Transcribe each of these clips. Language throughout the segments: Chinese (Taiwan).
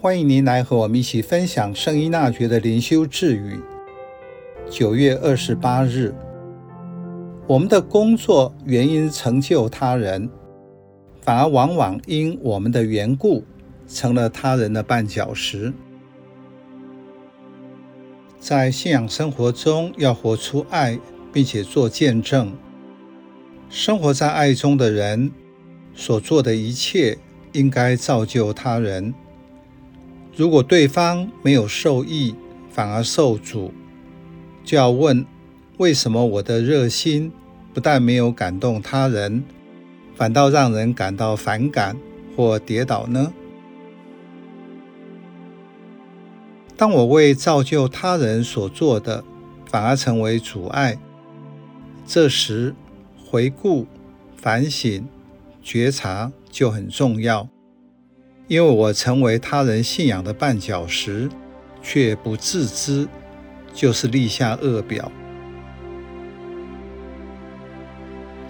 歡迎您來和我們一起分享聖依納爵的靈修智語。九月二十八日，我們的工作原應成就他人，反而往往因我們的緣故成了他人的絆腳石。在信仰生活中，要活出愛，並且做見證。生活在愛中的人，所做的一切應該造就他人。如果對方沒有受益，反而受阻，就要問：為什麼我的熱心不但沒有感動他人，反倒讓人感到反感或跌倒呢？當我為造就他人所做的，反而成為阻礙，這時回顧、反省、覺察就很重要。因為我成為他人信仰的絆腳石，卻不自知，就是立下惡表。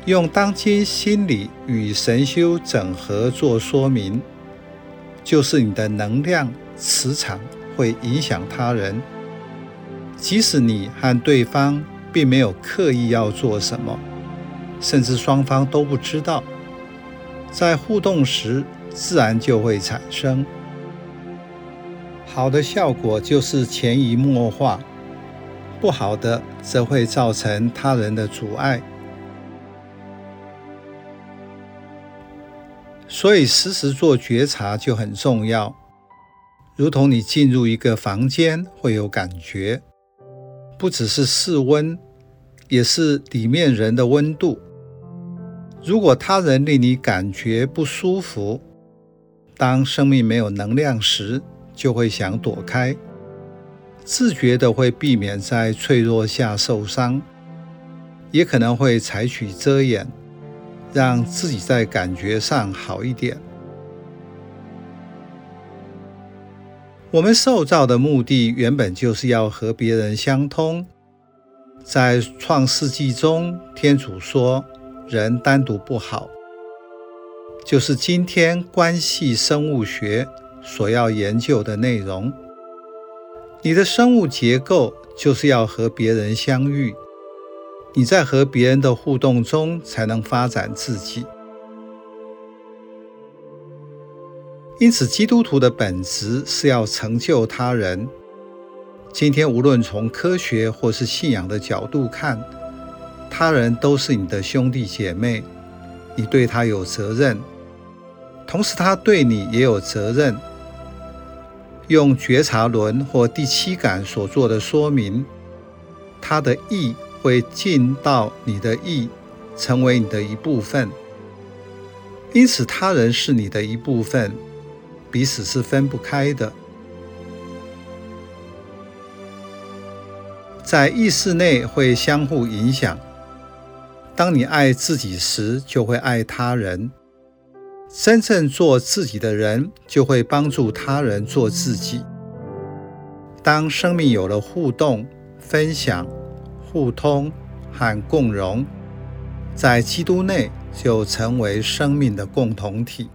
用當今心理與神修整合做說明，就是你的能量磁場會影響他人，即使你和對方並沒有刻意要做什麼，甚至雙方都不知道，在互動時，自然就會產生好的效果，就是潛移默化；不好的則會造成他人的阻礙。所以時時做覺察就很重要。如同你進入一個房間，會有感覺，不只是室溫，也是裡面人的溫度。如果他人令你感覺不舒服，當生命沒有能量時，就會想躲開，自覺的會避免在脆弱下受傷，也可能會採取遮掩，讓自己在感覺上好一點。我們受造的目的原本就是要和別人相通，在創世紀中，天主說人單獨不好。就是今天關係生物學所要研究的內容。你的生物結構就是要和別人相遇，你在和別人的互動中才能發展自己。因此，基督徒的本質是要成就他人。今天，無論從科學或是信仰的角度看，他人都是你的兄弟姐妹，你對他有責任。同時，他對你也有責任。用覺察輪或第七感所做的說明，他的意會進到你的意，成為你的一部分。因此，他人是你的一部分，彼此是分不開的。在意識內會相互影響，當你愛自己時，就會愛他人。真正做自己的人，就會幫助他人做自己。當生命有了互動、分享、互通和共融，在基督內就成為生命的共同體。